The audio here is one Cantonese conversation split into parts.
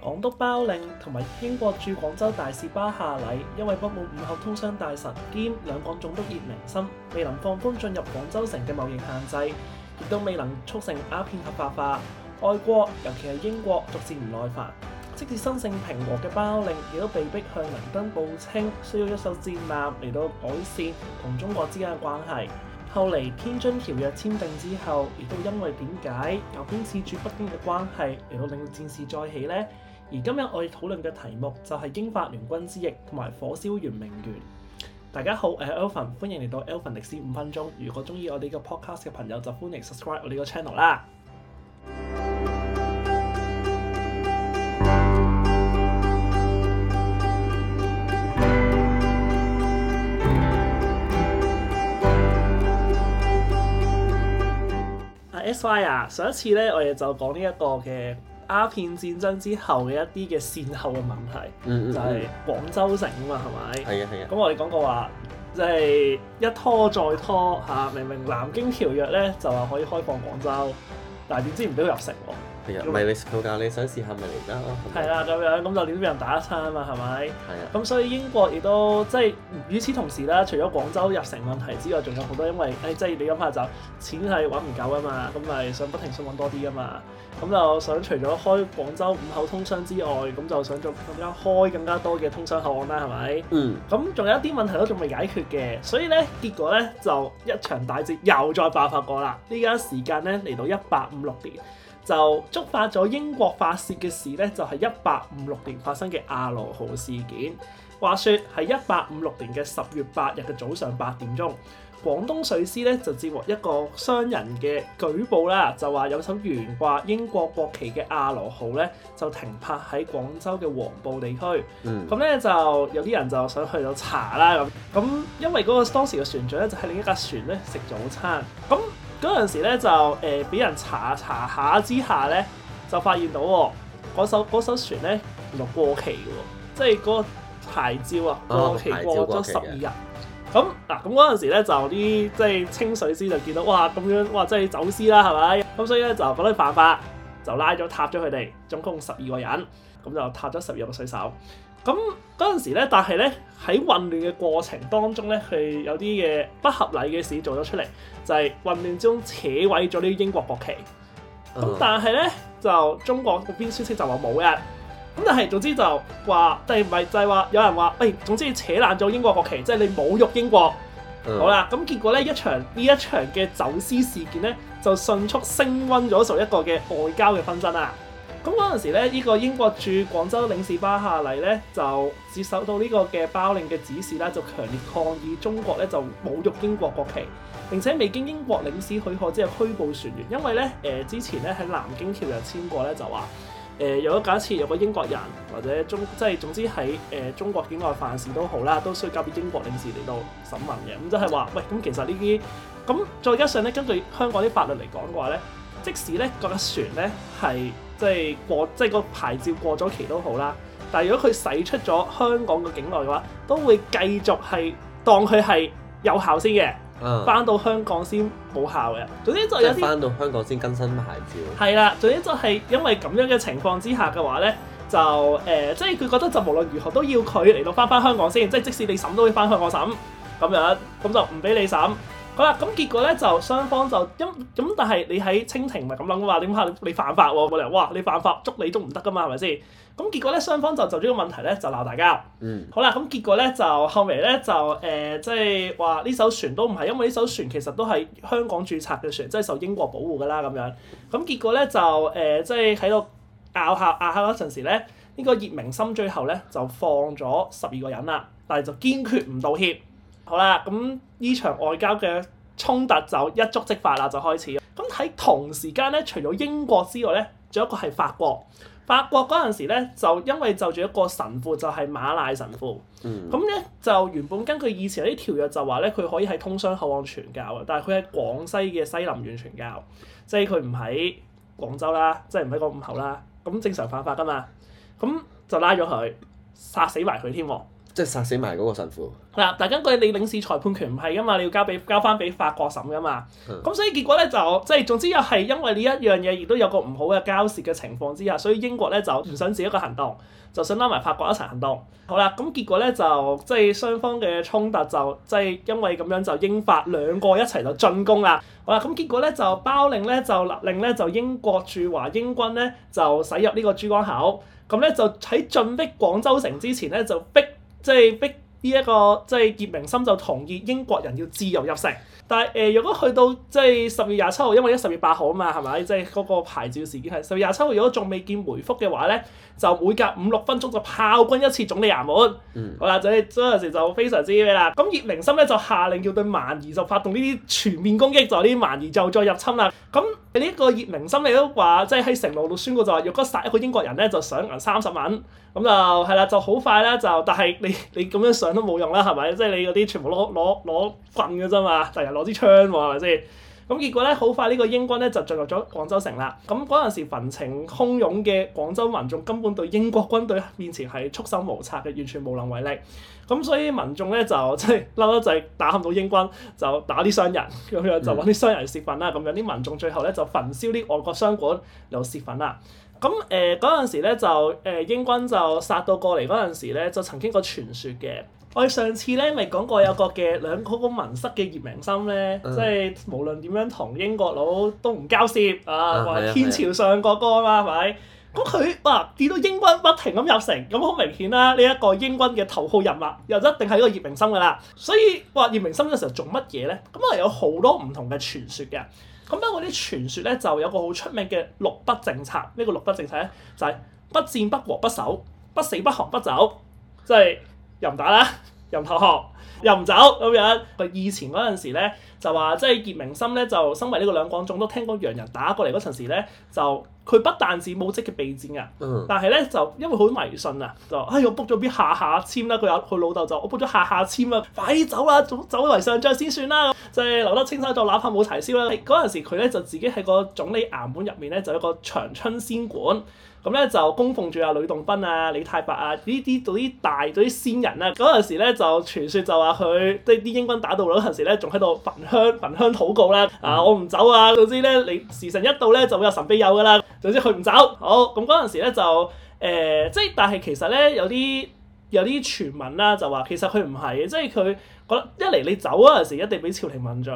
港督包令同埋英國駐廣州大使巴夏禮，因為不滿五口通商大臣兼兩廣總督葉名琛未能放寬進入廣州城嘅貿易限制。都未能促成鴉片合法化，外國尤其係英國逐漸唔耐煩，即使生性平和嘅包令，亦都被逼向倫敦報稱，需要一艘戰艦嚟到改善同中國之間嘅關係。後嚟天津條約簽訂之後，亦都因為點解由公使駐北京嘅關係，嚟到令戰事再起呢？而今日我哋討論嘅題目就係英法聯軍之役同埋火燒圓明園。大家好，我係 Elvin，歡迎嚟到 Elvin 歷史五分鐘。如果中意我哋嘅 podcast 嘅朋友，就歡迎 subscribe 我哋個 channel 啦。啊 Sy 啊，上一次咧，我哋就講呢一個嘅。鴉片戰爭之後嘅一啲嘅善後嘅問題，嗯嗯嗯就係廣州城啊嘛，係咪？係啊係啊。咁我哋講過話，即係一拖再拖嚇，明明南京條約咧就話可以開放廣州，但係點知唔俾佢入城喎？係、嗯、 啊，你試過架？你想試下咪嚟啦。係啦，咁樣咁就點俾人打一餐啊嘛，係咪？係啊。咁所以英國亦都即係與此同時啦，除咗廣州入城問題之外，仲有好多因為誒，即、哎、係、就是、你諗下就錢係揾唔夠啊嘛，咁咪想不停想揾多啲啊嘛，咁就想除咗開廣州五口通商之外，咁就想做更加開更加多嘅通商口岸啦，係咪？嗯。咁仲有一啲問題都仲未解決嘅，所以咧結果咧就一場大戰又再爆發過啦。呢間時間咧嚟到一八五六年。就觸發咗英國發泄嘅事呢就係一八五六年發生嘅亞羅號事件。話說係一八五六年嘅十月八日嘅早上八點鐘，廣東水師咧就接獲一個商人嘅舉報啦，就話有艘懸掛英國國旗嘅亞羅號咧就停泊喺廣州嘅黃埔地區。咁咧、嗯、就有啲人就想去到查啦咁，咁因為嗰、那個當時嘅船長咧就喺、是、另一架船咧食早餐，咁。嗰陣時咧就誒俾、呃、人查查下之下咧就發現到嗰、哦、艘嗰艘船咧原來過期喎，即係個牌照啊過期過咗十二日。咁嗱咁嗰陣時咧就啲即係清水師就見到哇，咁樣哇即係走私啦係咪？咁所以咧就嗰啲犯法就拉咗塌咗佢哋，總共十二個人，咁就塌咗十二個水手。咁嗰陣時咧，但係咧喺混亂嘅過程當中咧，佢有啲嘅不合理嘅事做咗出嚟，就係、是、混亂之中扯毀咗呢啲英國國旗。咁、uh huh. 但係咧就中國嗰邊消息就話冇人。咁但係總之就話，但係唔係就係、是、話有人話，喂、哎，總之你扯爛咗英國國旗，即、就、係、是、你侮辱英國。Uh huh. 好啦，咁結果咧一場呢一場嘅走私事件咧，就迅速升溫咗成一個嘅外交嘅紛爭啦！咁嗰陣時咧，呢、這個英國駐廣州領事巴夏禮咧，就接受到呢個嘅包令嘅指示啦，就強烈抗議中國咧就侮辱英國國旗，並且未經英國領事許可之後拘捕船員，因為咧誒、呃、之前咧喺南京條約又簽過咧，就話誒有咗假設有個英國人或者中即係總之喺誒、呃、中國境外犯事都好啦，都需要交俾英國領事嚟到審問嘅，咁就係、是、話喂，咁其實呢啲咁再加上咧，根據香港啲法律嚟講嘅話咧。即使呢、個船呢係即係過即係個牌照過咗期都好啦，但係如果佢駛出咗香港嘅境內嘅話，都會繼續係當佢係有效先嘅。嗯，翻到香港先冇效嘅。總之就有翻到香港先更新牌照。係啊，總之就係因為咁樣嘅情況之下嘅話呢，就誒、呃，即係佢覺得就無論如何都要佢嚟到翻返香港先，即係即使你審都會翻香港審，咁樣咁就唔俾你審。好啦，咁結果咧就雙方就因咁，但係你喺清廷咪咁諗嘅嘛？點解你犯法喎？我哋哇，你犯法捉你都唔得㗎嘛，係咪先？咁結果咧雙方就就呢個問題咧就鬧大家。嗯，好啦，咁結果咧就後嚟咧就誒，即係話呢艘船都唔係，因為呢艘船其實都係香港註冊嘅船，即係受英國保護嘅啦咁樣。咁結果咧就誒，即係喺度拗下拗下嗰陣時咧，呢個葉名琛最後咧就放咗十二個人啦，但係就堅決唔道歉。好啦，咁呢場外交嘅。衝突就一觸即發啦，就開始。咁喺同時間咧，除咗英國之外咧，仲有一個係法國。法國嗰陣時咧，就因為就住一個神父，就係馬賴神父。嗯。咁咧就原本根據以前啲條約就話咧，佢可以喺通商口岸傳教嘅，但係佢喺廣西嘅西林縣傳教，即係佢唔喺廣州啦，即係唔喺個五口啦。咁正常犯法㗎嘛？咁就拉咗佢，殺死埋佢添喎。即係殺死埋嗰個神父。嗱，但係根據你領事裁判權唔係噶嘛，你要交俾交翻俾法國審噶嘛。咁、嗯、所以結果咧就，即係總之又係因為呢一樣嘢，亦都有個唔好嘅交涉嘅情況之下，所以英國咧就唔想自己一個行動，就想拉埋法國一齊行動。好啦，咁結果咧就，即係雙方嘅衝突就，即、就、係、是、因為咁樣就英法兩個一齊就進攻啦。好啦，咁結果咧就包令咧就令咧就英國駐華英軍咧就駛入呢個珠江口。咁咧就喺進逼廣州城之前咧就逼。即係逼呢、這、一個，即、就、係、是、葉名琛就同意英國人要自由入城。但係誒，若、呃、果去到即係十月廿七號，因為一十月八號啊嘛，係咪？即係嗰個牌照事件係十月廿七號，如果仲未見回覆嘅話咧，就每隔五六分鐘就炮轟一次總理衙門。嗯、好啦，就係嗰陣時就非常之咩啦。咁葉名琛咧就下令要對蠻夷就發動呢啲全面攻擊，就啲蠻夷就再入侵啦。咁。呢一個熱明心你都話，即係喺成路度宣告就話，若果殺一個英國人咧，就賞銀三十蚊，咁就係啦，就好快咧就。但係你你咁樣賞都冇用啦，係咪？即係你嗰啲全部攞攞攞棍嘅啫嘛，第日攞支槍喎，係咪先？咁結果咧，好快呢個英軍咧就進入咗廣州城啦。咁嗰陣時，憤情洶湧嘅廣州民眾根本對英國軍隊面前係束手無策嘅，完全無能為力。咁所以民眾咧就即係嬲得滯，打喊到英軍，就打啲商人，咁樣就揾啲商人洩憤啦。咁有啲民眾最後咧就焚燒啲外國商館又度洩憤啦。咁誒嗰陣時咧就誒、呃、英軍就殺到過嚟嗰陣時咧，就曾經個傳説嘅。我哋上次咧咪講過有個嘅 兩個個文室嘅葉明心咧，嗯、即係無論點樣同英國佬都唔交涉啊，話、啊、天朝上國哥啊嘛，係咪？咁佢哇見到英軍不停咁入城，咁好明顯啦、啊，呢、這、一個英軍嘅頭號人物又一定係呢個葉明心㗎啦。所以話葉明心嘅時候做乜嘢咧？咁啊有好多唔同嘅傳說嘅。咁樣嗰啲傳說咧就有個好出名嘅六不政策。呢、這個六不政策咧就係、是、不戰不和不守，不死不降不，不，不走，即係。又唔打啦，又唔投降，又唔走咁樣。佢以前嗰陣時咧，就話即係葉名琛咧，就身為呢個兩廣總督聽講洋人打過嚟嗰陣時咧，就佢不但止冇積極備戰啊，但係咧就因為好迷信啊，就哎我卜咗邊下下籤啦。佢有佢老豆就我卜咗下下籤啊，快啲走啦，走,走為上著先算啦。即係、就是、留得青山就哪怕冇柴燒啦。嗰陣時佢咧就自己喺個總理衙門入面咧就有一個長春仙館。咁咧就供奉住阿呂洞賓啊、李太白啊，啊呢啲啲大到啲先人啦。嗰陣時咧就傳說就話佢即係啲英軍打到嗰陣時咧，仲喺度焚香焚香禱告啦、啊。嗯、啊，我唔走啊！總之咧，你時辰一到咧，就會有神庇佑噶啦。總之佢唔走。好，咁嗰陣時咧就誒、呃，即係但係其實咧有啲有啲傳聞啦、啊，就話其實佢唔係，即係佢覺得一嚟你走嗰陣時一定俾朝廷問罪。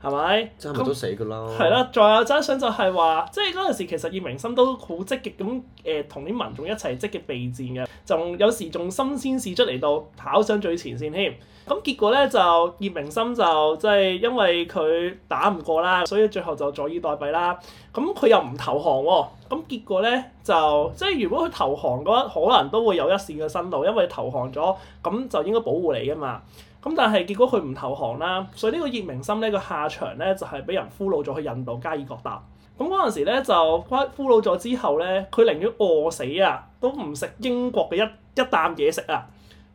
係咪？咁係啦，再那有真相就係話，即係嗰陣時其實葉明心都好積極咁誒，同、呃、啲民眾一齊積極備戰嘅，仲有時仲身先士卒嚟到跑上最前線添。咁結果咧就葉明心就即係、就是、因為佢打唔過啦，所以最後就坐以待斃啦。咁佢又唔投降喎、哦，咁結果咧就即係如果佢投降嘅話，可能都會有一線嘅生路，因為投降咗，咁就應該保護你啊嘛。咁但係結果佢唔投降啦，所以呢個葉名琛咧個下場咧就係俾人俘虜咗去印度加爾各答。咁嗰陣時咧就屈俘虜咗之後咧，佢寧願餓死啊，都唔食英國嘅一一啖嘢食啊。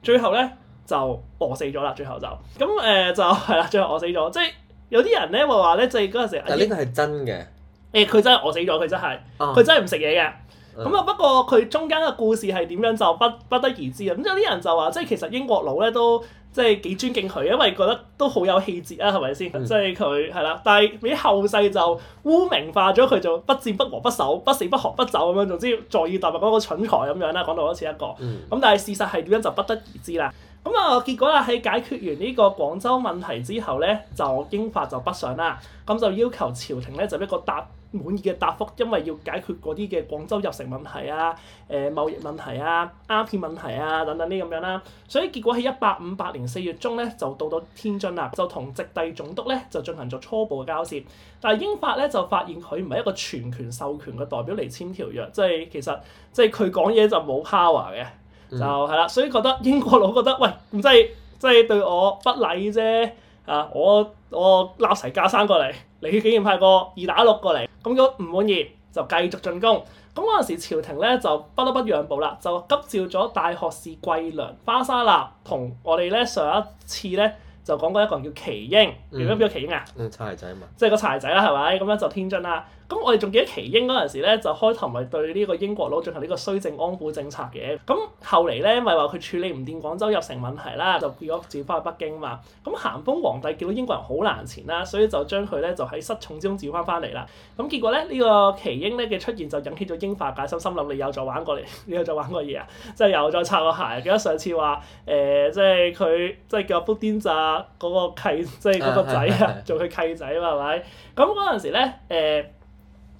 最後咧就餓死咗啦，最後就咁誒、呃、就係啦，最後餓死咗。即係有啲人咧話話咧即係嗰陣時。但呢個係真嘅。誒佢、欸、真係餓死咗，佢真係，佢、嗯、真係唔食嘢嘅。咁啊，嗯、不過佢中間嘅故事係點樣就不不得而知啦。咁有啲人就話，即係其實英國佬咧都即係幾尊敬佢，因為覺得都好有氣節啊，係咪先？嗯、即係佢係啦，但係俾後世就污名化咗佢，就不戰不和不守，不死不降不走咁樣，總之坐以待斃嗰個蠢材咁樣啦。講到好似一個，咁、嗯、但係事實係點樣就不得而知啦。咁啊，結果啦，喺解決完呢個廣州問題之後咧，就英法就北上啦，咁就要求朝廷咧就一個答滿意嘅答覆，因為要解決嗰啲嘅廣州入城問題啊、誒、呃、貿易問題啊、鴉片問題啊等等呢咁樣啦，所以結果喺一八五八年四月中咧就到到天津啦，就同直隸總督咧就進行咗初步嘅交涉。但係英法咧就發現佢唔係一個全權授權嘅代表嚟簽條約，即、就、係、是、其實即係佢講嘢就冇 power 嘅，就係、是、啦、嗯，所以覺得英國佬覺得喂，即係即係對我不禮啫啊！我我攬齊架生過嚟。你竟然派個二打六過嚟，咁咗唔滿意就繼續進攻。咁嗰陣時朝廷咧就不得不讓步啦，就急召咗大學士桂良、花沙納同我哋咧上一次咧就講過一個人叫奇英，點解、嗯、叫奇英啊？嗯，柴仔啊嘛，即係個柴仔啦，係咪？咁樣就天津啦。咁、嗯、我哋仲記得耆英嗰陣時咧，就開頭咪對呢個英國佬進行呢個綏靖安撫政策嘅。咁後嚟咧，咪話佢處理唔掂廣州入城問題啦，就結果調翻去北京啊嘛。咁咸豐皇帝見到英國人好難纏啦，所以就將佢咧就喺失寵之中調翻翻嚟啦。咁結果咧，呢、這個耆英咧嘅出現就引起咗英法戒心，心諗你又再玩過嚟，你 又再玩過嘢啊！即係又再擦個鞋。記得上次話誒、呃，即係佢即係叫璞鼎查嗰個契，即係嗰個仔啊，做佢契仔嘛，係咪？咁嗰陣時咧誒。呃哎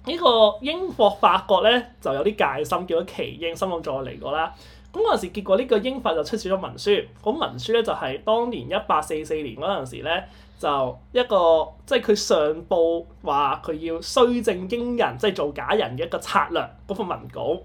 呢個英國法國咧就有啲戒心，叫咗奇英，心諗再嚟過啦。咁嗰陣時，結果呢個英法就出示咗文書，咁文書咧就係、是、當年一八四四年嗰陣時咧，就一個即係佢上報話佢要虛證英人，即係做假人嘅一個策略，嗰份文稿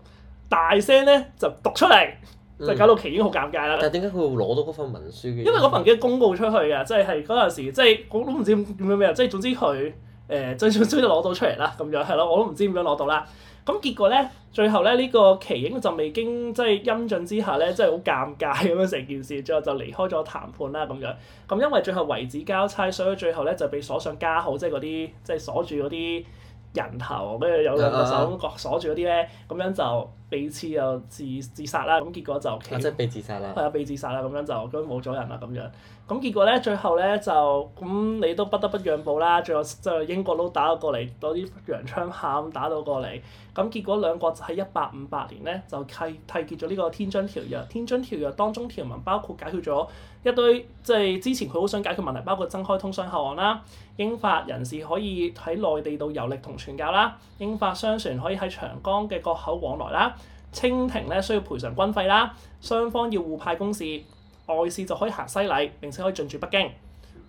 大聲咧就讀出嚟，嗯、就搞到奇英好尷尬啦。但係點解佢會攞到嗰份文書嘅？因為嗰份已經公告出去啊，即係係嗰陣時，即係我都唔知叫咩名，即係總之佢。誒最最終於攞到出嚟啦，咁樣係咯，我都唔知點樣攞到啦。咁結果咧，最後咧呢、呢個奇影就未經即係恩準之下咧，即係好尷尬咁樣成件事，最後就離開咗談判啦咁樣。咁因為最後為止交差，所以最後咧就被鎖上加號，即係嗰啲即係鎖住嗰啲人頭，跟住、啊啊、有兩個手咁鎖住嗰啲咧，咁樣就。被刺又自自殺啦，咁結果就即係、啊就是、被自殺啦，係啊被自殺啦，咁樣就咁冇咗人啦，咁樣，咁結果咧最後咧就咁、嗯、你都不得不讓步啦，最後即係英國佬打到過嚟，攞啲洋槍嚇咁打到過嚟，咁結果兩國就喺一八五八年咧就契契結咗呢個《天津條約》《天津條約》。《天津條約》當中條文包括解決咗一堆即係、就是、之前佢好想解決問題，包括增開通商口岸啦，英法人士可以喺內地度遊歷同傳教啦，英法商船可以喺長江嘅各口往來啦。清廷咧需要賠償軍費啦，雙方要互派公使，外事就可以行西禮，並且可以進駐北京。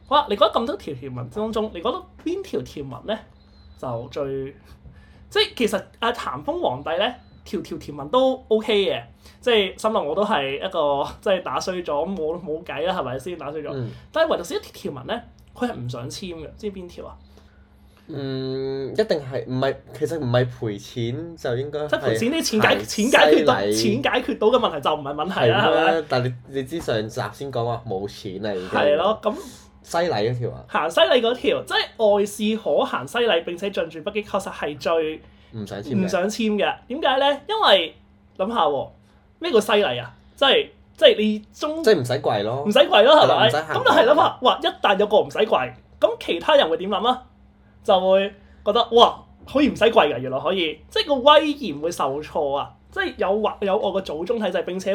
好啦，你覺得咁多條條文之中，你覺得邊條條文咧就最即係其實啊，咸豐皇帝咧條，條條條文都 O K 嘅，即係心諗我都係一個即係打衰咗冇冇計啦，係咪先？打衰咗。嗯、但係唯獨係一條條文咧，佢係唔想簽嘅，知邊條啊？嗯，一定係唔係？其實唔係賠錢就應該。即係賠錢啲錢解錢解決到西禮錢解決到嘅問題就唔係問題啦，係咪？係咪？但係你你知上集先講話冇錢啊，而家。係咯，咁西禮嗰條啊！行西禮嗰條，即係外事可行西禮，並且進駐北京確實係最唔想簽唔想簽嘅。點解咧？因為諗下咩叫西禮啊！即係即係你中即係唔使跪咯，唔使跪咯，係咪？係咪？咁你就係諗下，哇！一旦有個唔使跪，咁其他人會點諗啊？就會覺得，哇，可以唔使跪㗎，原來可以，即係個威嚴會受挫啊！即係有或有我個祖宗體制，並且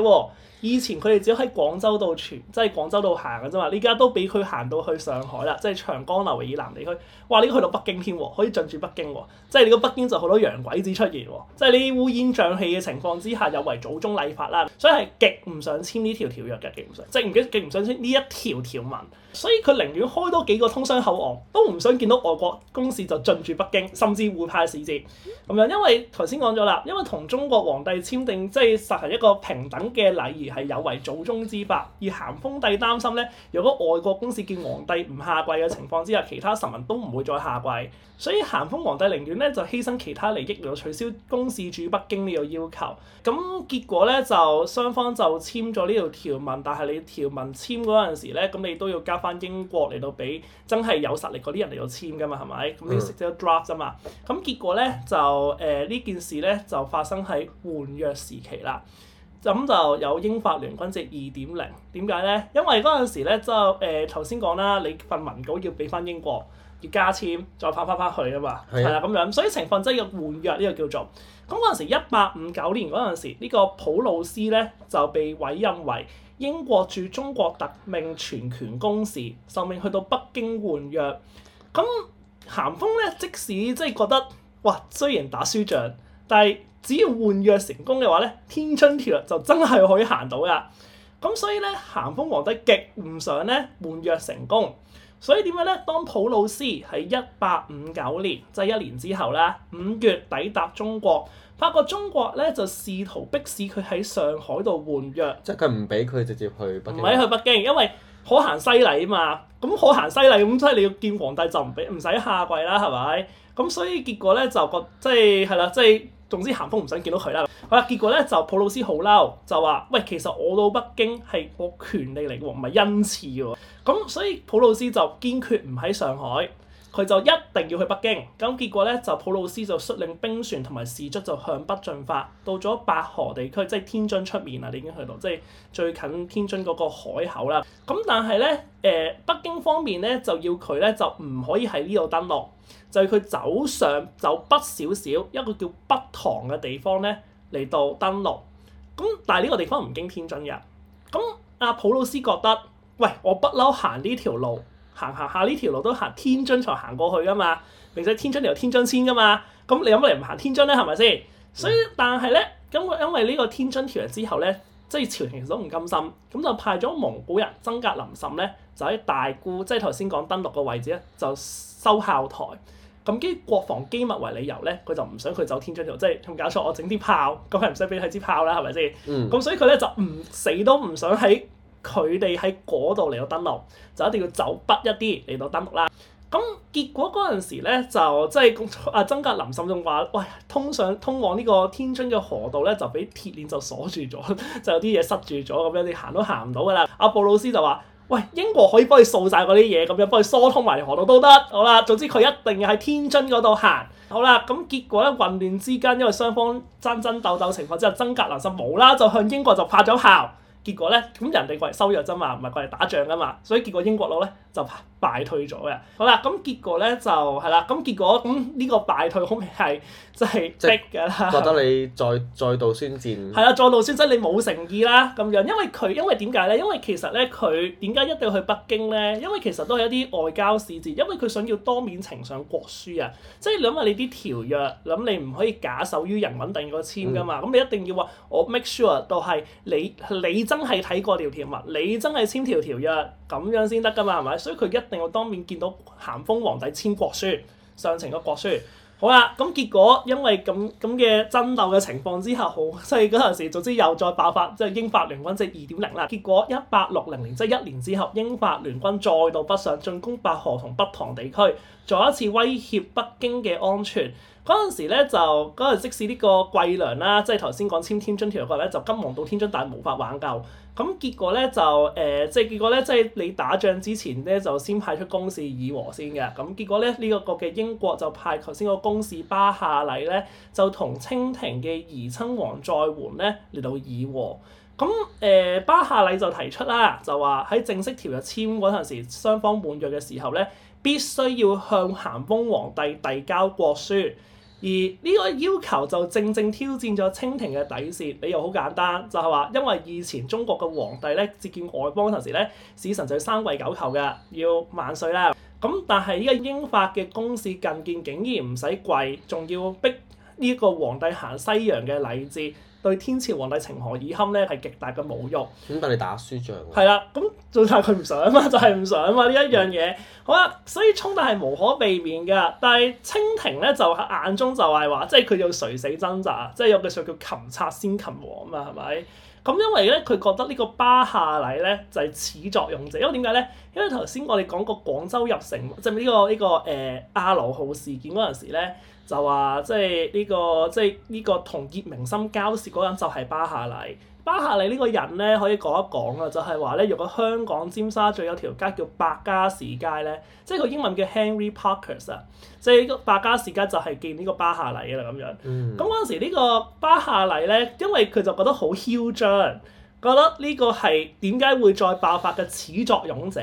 以前佢哋只喺廣州度傳，即係廣州度行嘅啫嘛。依家都俾佢行到去上海啦，即係長江流域以南地區，哇！呢個去到北京添喎，可以進駐北京喎。即係你個北京就好多洋鬼子出現喎。即係呢啲烏煙瘴氣嘅情況之下，有違祖宗禮法啦。所以係極唔想簽呢條條約嘅，極唔想，即係係極極唔想簽呢一條條文。所以佢寧願開多幾個通商口岸，都唔想見到外國公使就進駐北京，甚至會派使節，咁樣，因為頭先講咗啦，因為同中國皇帝簽訂即係實行一個平等嘅禮儀。係有違祖宗之法，而咸豐帝擔心咧，如果外國公使見皇帝唔下跪嘅情況之下，其他臣民都唔會再下跪，所以咸豐皇帝寧願咧就犧牲其他利益嚟到取消公使駐北京呢個要求。咁結果咧就雙方就簽咗呢條條文，但係你條文簽嗰陣時咧，咁你都要交翻英國嚟到俾真係有實力嗰啲人嚟到簽㗎嘛，係咪？咁呢啲只係 draft 咋嘛。咁結果咧就誒呢、呃、件事咧就發生喺換約時期啦。咁就有英法聯軍值二點零，點解咧？因為嗰陣時咧就誒頭先講啦，你份文稿要俾翻英國，要加簽，再翻翻翻去啊嘛，係啦咁樣，所以情況真係要換約呢個叫做。咁嗰陣時,時，一八五九年嗰陣時，呢個普魯斯咧就被委任為英國駐中國特命全權公使，受命去到北京換約。咁咸豐咧，即使即係覺得，哇，雖然打輸仗，但係。只要換約成功嘅話咧，天津條約就真係可以行到噶。咁所以咧，咸豐皇帝極唔想咧換約成功。所以點解咧？當普魯斯喺一八五九年，即係一年之後咧，五月抵達中國，發覺中國咧就試圖迫使佢喺上海度換約，即係佢唔俾佢直接去北京。唔係去北京，因為可行西禮啊嘛。咁可行西禮，咁即係你要見皇帝就唔俾，唔使下跪啦，係咪？咁所以結果咧就覺即係係啦，即係。總之，咸豐唔想見到佢啦。結果呢，就普魯斯好嬲，就話：喂，其實我到北京係我的權利嚟嘅喎，唔係恩賜喎。咁所以普魯斯就堅決唔喺上海。佢就一定要去北京，咁結果咧就普魯斯就率領兵船同埋士卒就向北進發，到咗白河地區，即係天津出面啦，你已經去到，即係最近天津嗰個海口啦。咁但係咧，誒北京方面咧就要佢咧就唔可以喺呢度登陸，就要佢走上走北少少一個叫北塘嘅地方咧嚟到登陸。咁但係呢個地方唔經天津嘅，咁阿普魯斯覺得，喂，我不嬲行呢條路。行行下呢條路都行，天津才行過去噶嘛。並且天津條天津先噶嘛。咁你有乜理由唔行天津咧，係咪先？所以但係咧，咁因為呢個天津條約之後咧，即係朝廷其實都唔甘心，咁就派咗蒙古人曾格林岑咧，就喺大沽，即係頭先講登陸嘅位置咧，就收炮台。咁基於國防機密為理由咧，佢就唔想佢走天津條，即係唔搞錯，我整啲炮，咁係唔使俾佢支炮啦，係咪先？咁、嗯、所以佢咧就唔死都唔想喺。佢哋喺嗰度嚟到登陸，就一定要走北一啲嚟到登陸啦。咁、嗯、結果嗰陣時咧，就即係阿、啊、曾格林心中話，喂，通上通往呢個天津嘅河道咧，就俾鐵鏈就鎖住咗，就有啲嘢塞住咗，咁樣你行都行唔到噶啦。阿、啊、布魯斯就話，喂，英國可以幫你掃晒嗰啲嘢，咁樣幫你疏通埋河道都得。好啦，總之佢一定要喺天津嗰度行。好啦，咁、嗯、結果咧混亂之間，因為雙方爭爭鬥鬥情況之下，曾格林就冇啦就向英國就發咗炮。結果呢，咁人哋過嚟收藥啫嘛，唔係過嚟打仗㗎嘛，所以結果英國佬呢。就敗退咗嘅。好啦，咁、嗯、結果咧就係啦，咁結果咁呢個敗退，好明顯係即係逼㗎啦。覺得你再再度宣戰？係啦，再度宣戰，你冇誠意啦咁樣。因為佢，因為點解咧？因為其實咧，佢點解一定要去北京咧？因為其實都係一啲外交使節，因為佢想要當面呈上國書啊。即係諗下你啲條約，諗你唔可以假手於人揾定個簽㗎嘛。咁、嗯、你一定要話我 make sure 到係你你，你真係睇過條條文，你真係簽條條約，咁樣先得㗎嘛，係咪？所以佢一定要當面見到咸豐皇帝簽國書，上呈個國書。好啦、啊，咁結果因為咁咁嘅爭鬥嘅情況之下，好細嗰陣時，總之又再爆發，即、就、係、是、英法聯軍即係二點零啦。結果一八六零年，即係一年之後，英法聯軍再度北上進攻白河同北塘地區，再一次威脅北京嘅安全。嗰陣時咧就嗰陣，即使呢個桂良啦，即係頭先講簽天津條約嗰陣咧，就金黃到天津，但係無法挽救。咁、嗯、結果咧就誒、呃，即係結果咧，即係你打仗之前咧就先派出公使議和先嘅。咁、嗯、結果咧呢、呢個國嘅英國就派頭先個公使巴夏禮咧，就同清廷嘅怡親王載垣咧嚟到議和。咁、嗯、誒、呃、巴夏禮就提出啦、啊，就話喺正式條約簽嗰陣時，雙方換約嘅時候咧，必須要向咸豐皇帝遞交國書。而呢個要求就正正挑戰咗清廷嘅底線，理由好簡單，就係話因為以前中國嘅皇帝咧，接見外邦嗰陣時咧，使臣就要三跪九叩嘅，要萬歲啦。咁但係依家英法嘅公使，覲見，竟然唔使跪，仲要逼呢個皇帝行西洋嘅禮節。對天朝皇帝情何以堪咧，係極大嘅侮辱。點解、嗯、你打輸仗？喎。係啦，咁最緊佢唔想啊嘛，就係、是、唔想啊嘛，呢一樣嘢。好啊，所以衝突係無可避免㗎。但係清廷咧，就喺眼中就係話，即係佢要垂死掙扎，即係有句説叫擒賊先擒王啊嘛，係咪？咁因為咧，佢覺得呢個巴夏禮咧就係、是、始作俑者，因為點解咧？因為頭先我哋講過廣州入城，即係呢個呢、這個誒阿羅號事件嗰陣時咧。就話即係呢個，即係呢個即係呢個同葉名琛交涉嗰人就係巴夏禮。巴夏禮呢個人咧，可以講一講啊，就係話咧，如果香港尖沙咀有條街叫白加士街咧，即係個英文叫 Henry Parker 啊，即係個白加士街就係見呢個巴夏禮嘅咁樣。咁嗰陣時呢個巴夏禮咧，因為佢就覺得好囂張，覺得呢個係點解會再爆發嘅始作俑者。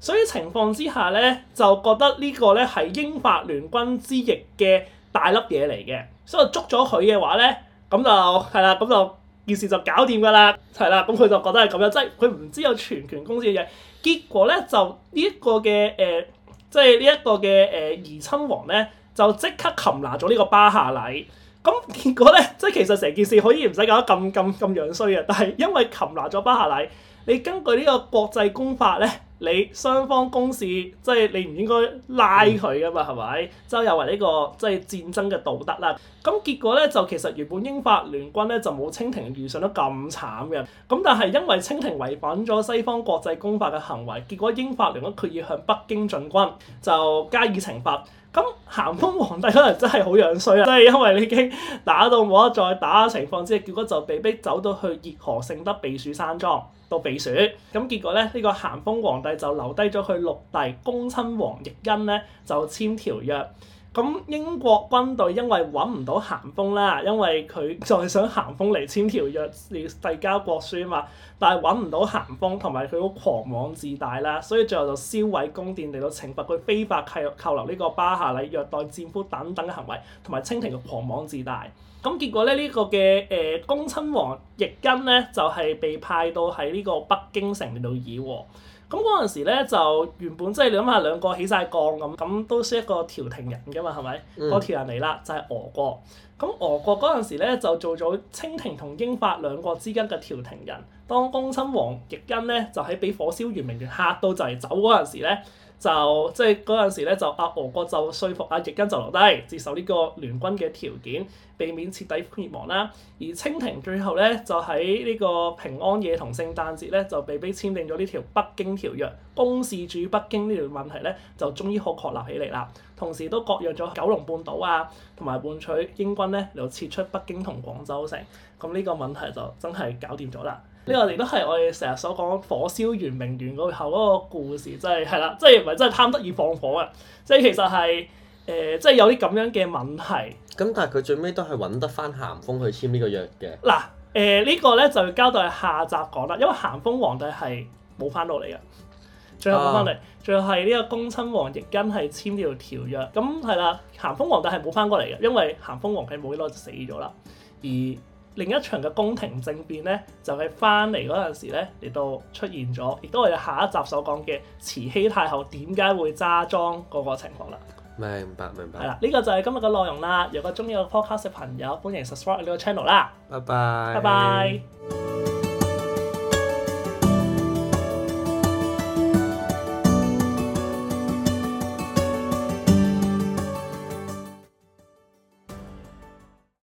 所以情況之下咧，就覺得呢個咧係英法聯軍之役嘅大粒嘢嚟嘅，所以捉咗佢嘅話咧，咁就係啦，咁就件事就搞掂噶啦，係啦，咁佢就覺得係咁樣，即係佢唔知有全權公使嘅嘢。結果咧就呢一個嘅誒、呃，即係、呃呃、呢一個嘅誒，怡親王咧就即刻擒拿咗呢個巴夏禮。咁、嗯、結果咧，即係其實成件事可以唔使搞得咁咁咁樣衰嘅，但係因為擒拿咗巴夏禮，你根據呢個國際公法咧。你雙方公事，即係你唔應該拉佢噶嘛，係咪？就又為呢個即係戰爭嘅道德啦。咁結果咧，就其實原本英法聯軍咧就冇清廷遇上得咁慘嘅。咁但係因為清廷違反咗西方國際公法嘅行為，結果英法聯軍決意向北京進軍，就加以懲罰。咁咸豐皇帝可能真係好樣衰啊，都係 因為你已經打到冇得再打嘅情況之下，結果就被逼走到去熱河承德避暑山莊度避暑。咁結果咧，呢、這個咸豐皇帝就留低咗佢六弟恭親王奕訢咧，就簽條約。咁英國軍隊因為揾唔到咸豐啦，因為佢再想咸豐嚟簽條約，要遞交國書嘛。但係揾唔到咸豐，同埋佢好狂妄自大啦，所以最後就燒毀宮殿嚟到懲罰佢非法扣留呢個巴夏禮、虐待戰俘等等嘅行為，同埋清廷嘅狂妄自大。咁結果咧，呢、這個嘅誒恭親王奕訢咧，就係、是、被派到喺呢個北京城嚟到議和。咁嗰陣時咧，就原本即係你諗下，兩個起晒槓咁，咁都需要一個調停人嘅嘛，係咪？嗯、個調人嚟啦，就係俄國。咁俄國嗰陣時咧就做咗清廷同英法兩國之間嘅調停人，當恭親王奕訢咧就喺俾火燒圓明園嚇到就嚟走嗰陣時咧，就即係嗰陣時咧就啊俄國就說服阿奕訢就留低接受呢個聯軍嘅條件，避免徹底滅亡啦。而清廷最後咧就喺呢個平安夜同聖誕節咧就被逼簽訂咗呢條《北京條約》，公使駐北京呢條問題咧就終於可確立起嚟啦。同時都割讓咗九龍半島啊，同埋伴隨英軍咧又撤出北京同廣州城，咁、這、呢個問題就真係搞掂咗啦。呢、這個亦都係我哋成日所講火燒圓明園嗰後個故事，就是就是、是真係係啦，即係唔係真係貪得意放火啊？即、就、係、是、其實係誒，即、呃、係、就是、有啲咁樣嘅問題。咁但係佢最尾都係揾得翻咸豐去簽呢個約嘅。嗱，誒、呃這個、呢個咧就交代下集講啦，因為咸豐皇帝係冇翻到嚟嘅。最後冇翻嚟，啊、最後係呢個恭親王奕訢係簽呢條條約，咁係啦。咸豐皇帝係冇翻過嚟嘅，因為咸豐皇帝冇幾耐就死咗啦。而另一場嘅宮廷政變咧，就係翻嚟嗰陣時咧嚟到出現咗，亦都係下一集所講嘅慈禧太后點解會揸莊個情況啦。明白明白。係啦、啊，呢、呢個就係今日嘅內容啦。若果中意我 podcast 嘅朋友，歡迎 subscribe 呢個 channel 啦。拜拜。拜拜。拜拜。